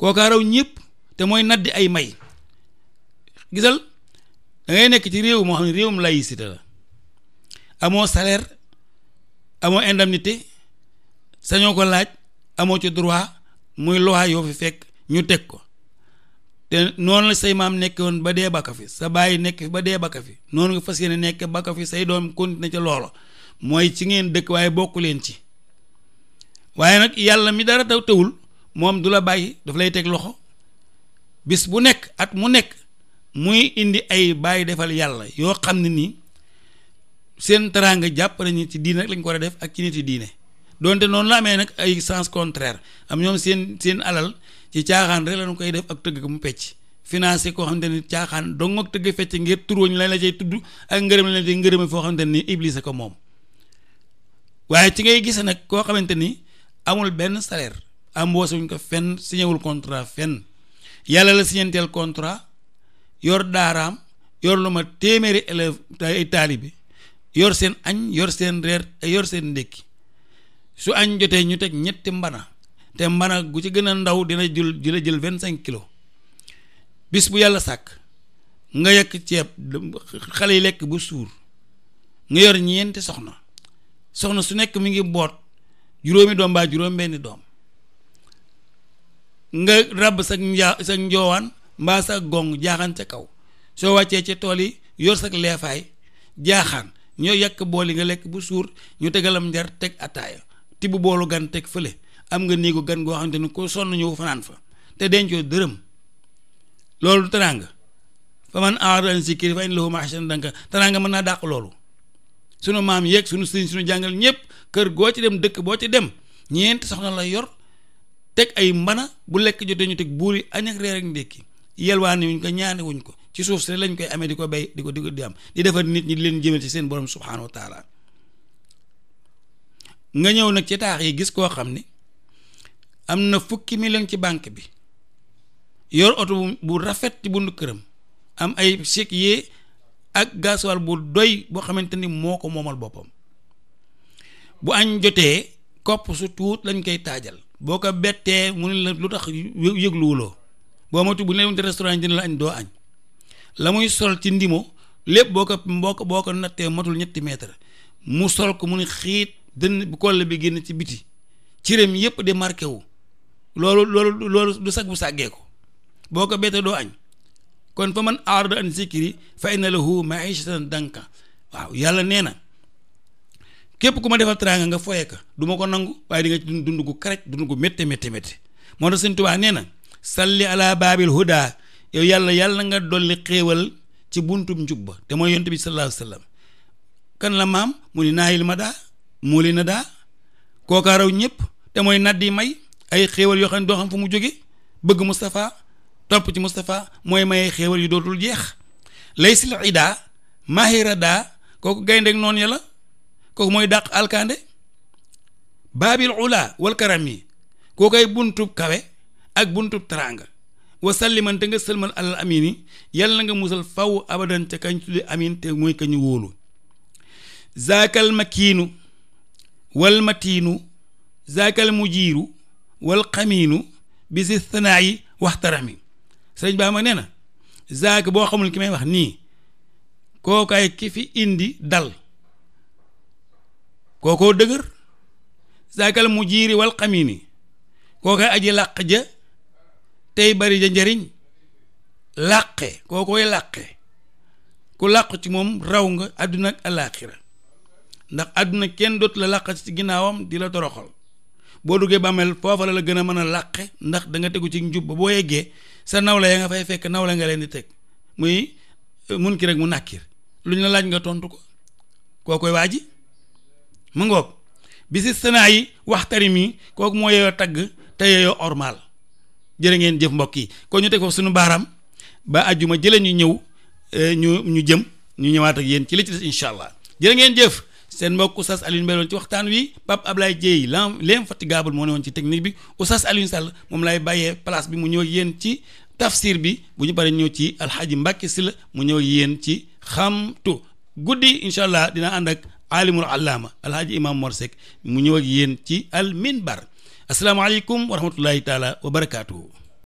kookaa ñëpp te mooy naddi ay may gisal da ngay nekk ci réew moo xam ne réewum laïcité la amoo salaire amoo indemnité sañoo ko laaj amoo ci droit muy loi yoo fi fekk ñu teg ko te noonu la say maam nekk woon ba dee bakka fi sa bàyyi nekk ba dee bakka fi noonu nga fas yéene nekk bakka fi say doom continué ca loolo mooy ci ngeen dëkk waaye bokku leen ci waaye nag yàlla mi dara taw tewul moom du la bàyyi daf lay teg loxo bis bu nekk at mu nekk muy indi ay bàyyi defal yàlla yoo xam ne nii seen teraanga jàpp nañu ci diine lañ ko war a def ak ci nit yi diine donte noonu la amee nag ay sens contraire am ñoom seen seen alal ci caaxaan rek lañu koy def ak tëgg ko mu pecc financé koo xamante ni caaxaan don ak tëgg fecc ngir turóoñ lañ la cay tudd ak ngërëm lañ la cay ngërëme foo xamante ni iblis ko moom waaye ci ngay gise nag koo xamante ni amul benn salaire amboose wuñ ko fenn signewul contrat fenn yàlla la signenteel contrat yor daaraam yor lu ma téeméeri élève ay yor seen añ yor seen reer yor seen ndékki su añ jotee ñu teg ñetti mbana te mban gu ci gën a ndaw dina jël dina jël vingt cinq kilos bis bu yàlla sàkk nga yekk ceeb xale yi lekk bu suur nga yor ñeenti soxna soxna su nekk mu ngi boot juróomi doom baa juróom benni doom nga ràbb sa njaa sa njoowaan mbaa sa gong jaaxaan ca kaw soo wàccee ci tool yi yor sa leefaay jaaxaan ñoo yàkk bool yi nga lekk bu suur ñu tegalam njar teg ataaya tibb boolu gan teg fële am nga néegu gan goo xamante ni ko sonn ñëw fanaan fa te dencoo dërëm loolu teraanga fa man aaran an fa in lahu ma'ishatan danka teraanga mën naa dàq loolu sunu maam yeeg sunu sëriñ jàngal ñëpp kër goo ci dem dëkk boo ci dem ñeent soxna la yor teg ay mbana bu lekk jotee ñu teg buur yi añ ak reer ak ndékki yelwaani ko ñaani ko ci suuf si lañ koy amee di ko bay di ko di am di defar nit ñi di leen jëmee ci seen borom subhaanahu wa taala nga ñëw nag ci taax yi gis koo xam ni am na fukki million ci banque bi yor oto bu rafet ci bundu këram am ay chéquier ak gasoil bu doy boo xamante ni moo ko moomal boppam bu añ jotee kopp su tuut lañ koy taajal boo ko bettee mu ne la lu tax yëgluwuloo boo matu bu ne restaurant dina la añ doo añ la muy sol ci ndimo lépp boo ko boo boo ko nattee matul ñetti mètre mu sol ko mu ne xiit dënn bu koll bi génn ci biti cëram yépp de marqué wu loolu loolu loolu du sag bu sàggee ko boo ko bette doo añ kon fa man aarada an zikri fa inna lahu maishatan danka waaw yàlla nee na képp ku ma defal teraanga nga foye ka duma ko nangu waaye di nga dund gu karaj dund gu métte métte moo tax sëñ Tuubaa nee na salli ala baabil yàlla yàlla nga dolli xéewal ci buntu njub ba te mooy yonent bi sallallahu alayhi wa sallam kan la maam mu ni naayil ma daa muuli na daa kookaa raw ñëpp te mooy naddi may ay xéewal yoo xam ne doo xam fu mu jóge bëgg Moustapha topp ci Moustapha mooy maye xéewal yu dootul jeex lay sil ida kooku gaynde noonu ya la kooku mooy dàq alkande baabil ula wal karam yi kooku ay buntub kawe ak buntub taraanga wa sallimante nga sëlmal alal amin yàlla nga musal faw abadan ca kañ tudde amin te mooy kañu wóolu zaakal makiinu wal matiinu zaakal mujiiru wal xamiinu bi si sanaa yi waxtarami sëriñ baa ma nee na zaak boo xamul ki may wax nii kookaay ki fi indi dal kookoo dëgër zaakal mu jiiri wal xamiini kookaay aji làq ja tey bari ja njëriñ làqe kookooy làqe ku làqu ci moom raw nga àdduna ak alaaxira ndax àdduna kenn dootu la làq ci ginnaawam di la toroxal boo duggee bàmmeel foofa la la gën a mën a làqe ndax da nga tegu ci njub ba boo yeggee sa nawle ya nga fay fekk nawle nga leen di teg muy euh, mun ki rek mu nàkkir lu ñu la laaj nga tontu ko koo koy waa ji mu ngoog bi si sanaa yi waxtari mi kooku mooy yeyoo tagg te yeyoo ormal jërë ngeen jëf mbokk yi kon ñu teg foofu suñu baaraam ba àjjuma jële ñu ñëw euh, ñu ñu jëm ñu ñëwaat ak yéen ci li ci des incha allah jërë ngeen jëf seen mbokk Oustaz Alioune Mbaye loon ci waxtaan wi Pape Ablaye Dieye l'in l'infatigable moo ne woon ci technique bi Oustaz Alioune Sall moom lay bàyyee place bi mu ñëw yéen ci tafsir bi bu ñu paree ñëw ci alxaaji Mbàkke Sylla mu ñëw yéen ci xamtu guddi incha allah dina ànd ak aalimul allaama alxaaji imam Mor mu ñëw ak yéen ci al minbar asalaamaaleykum wa rahmatullahi taala wa